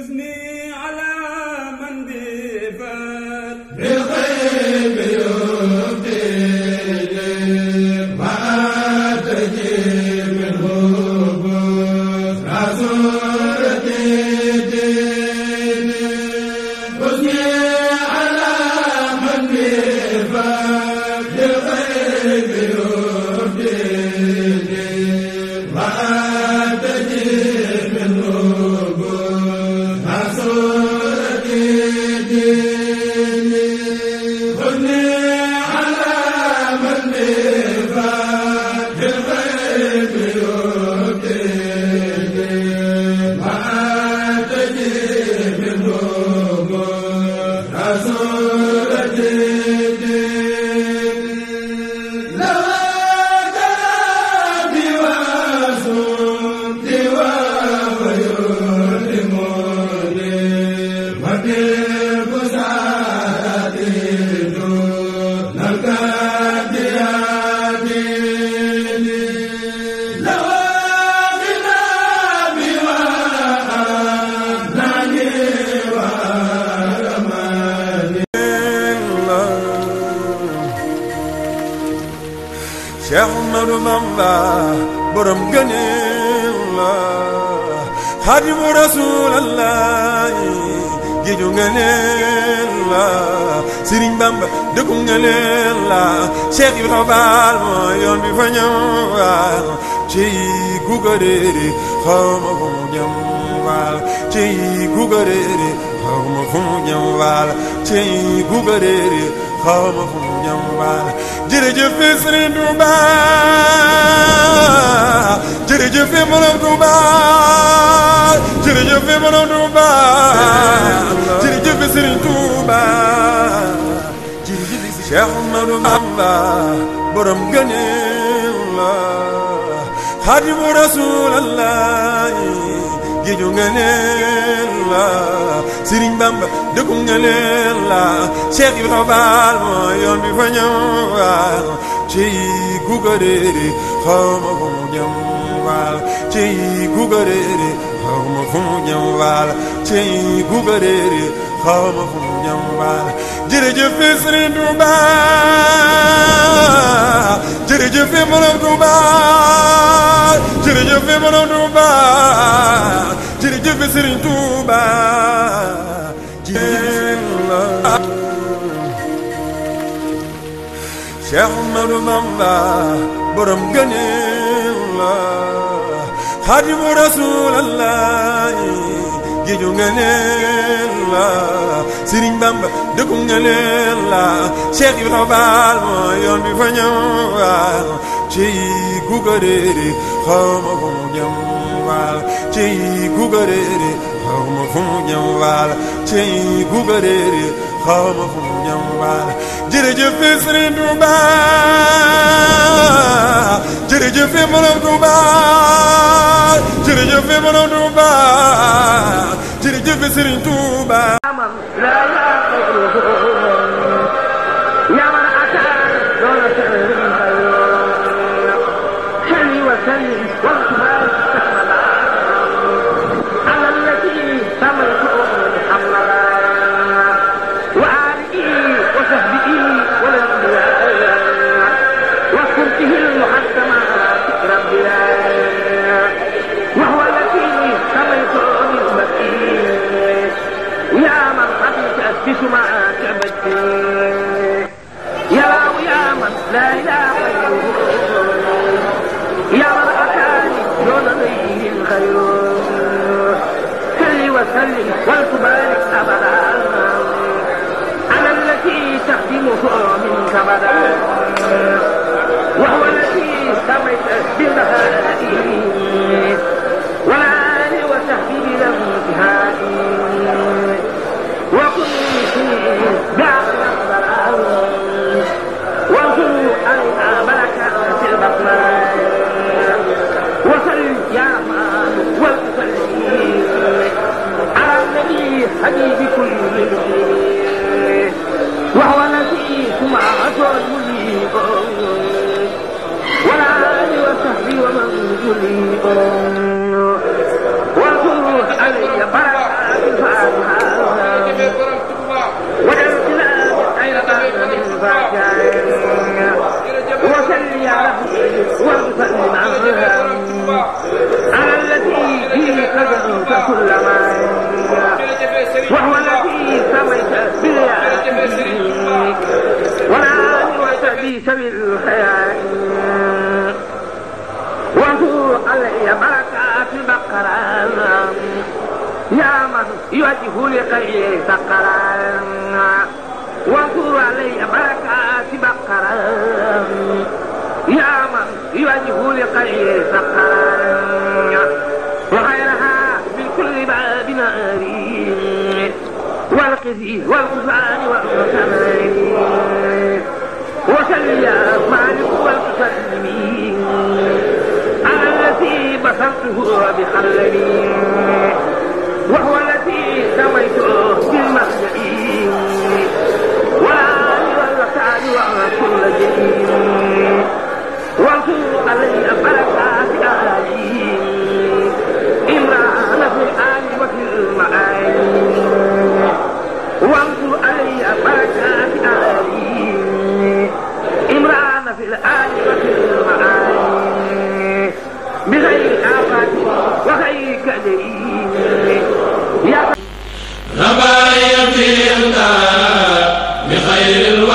أثني على من بفات بالخيب يبدي ما تجي منه رسولتي أثني على من بفات بالخيب يبدي ما تجي Cheikh Ahmadou Bamba borom gëneel la Xaadimu Rasuulallaahi géeju ngëneel la Sëriñ Bamba dëkku ngëneel la Cheikh Ibrahima Baal mooy yoon bi fa ñëwaal ci ku ko réere ma fu mu ci ku ko réere ma fu mu ci ku ko xaw ma fu mu jëm baal jërëjëf Serigne Touba jërëjëf Borom Touba jërëjëf Borom Touba jërëjëf Serigne Touba jërëjëf Cheikh Ahmadou Bamba borom gëneel la Xaadimu Rasulallah gi ñu gëneel la Sëriñ Bamba dëkkum nga leen la Cheikh Ibrahima yoon bi fa ñëw waal ci ku ko ma fu mu jëm waal ci ku ko réere xaw ma fu mu jëm waal ci ku ko réere xaw ma fu mu jëm waal jërëjëf Sëriñ Touba jërëjëf Borom Touba jërëjëf Borom Touba jërëjëf Sëriñ Cheikh Ahmadou Bamba borom gëneel la Xaadimu Rasuulallaahi gi ju ngëneel la Sëriñ Bamba dëkku ngëneel la Cheikh Ibra Faal mooy yoon bi fa ñëwaal ci ku ko réere xaw ma fu mu waal ci ku ko réere ma fu mu waal ci ku ko réere ma fu mu waal jërëjëf Sëriñ Touba jërëjëf borom Touba jërëjëf borom Touba jërëjëf Sëriñ Touba لا إله كل ما يملك وهو الذي سميت برياحك ولا وسبيك بالحياء وانظر علي بركات البقران يا من يوجه لخير سقران وانظر علي بركات بقران يا من يوجه لخير والقرآن والقرآن وسل يا bi xayril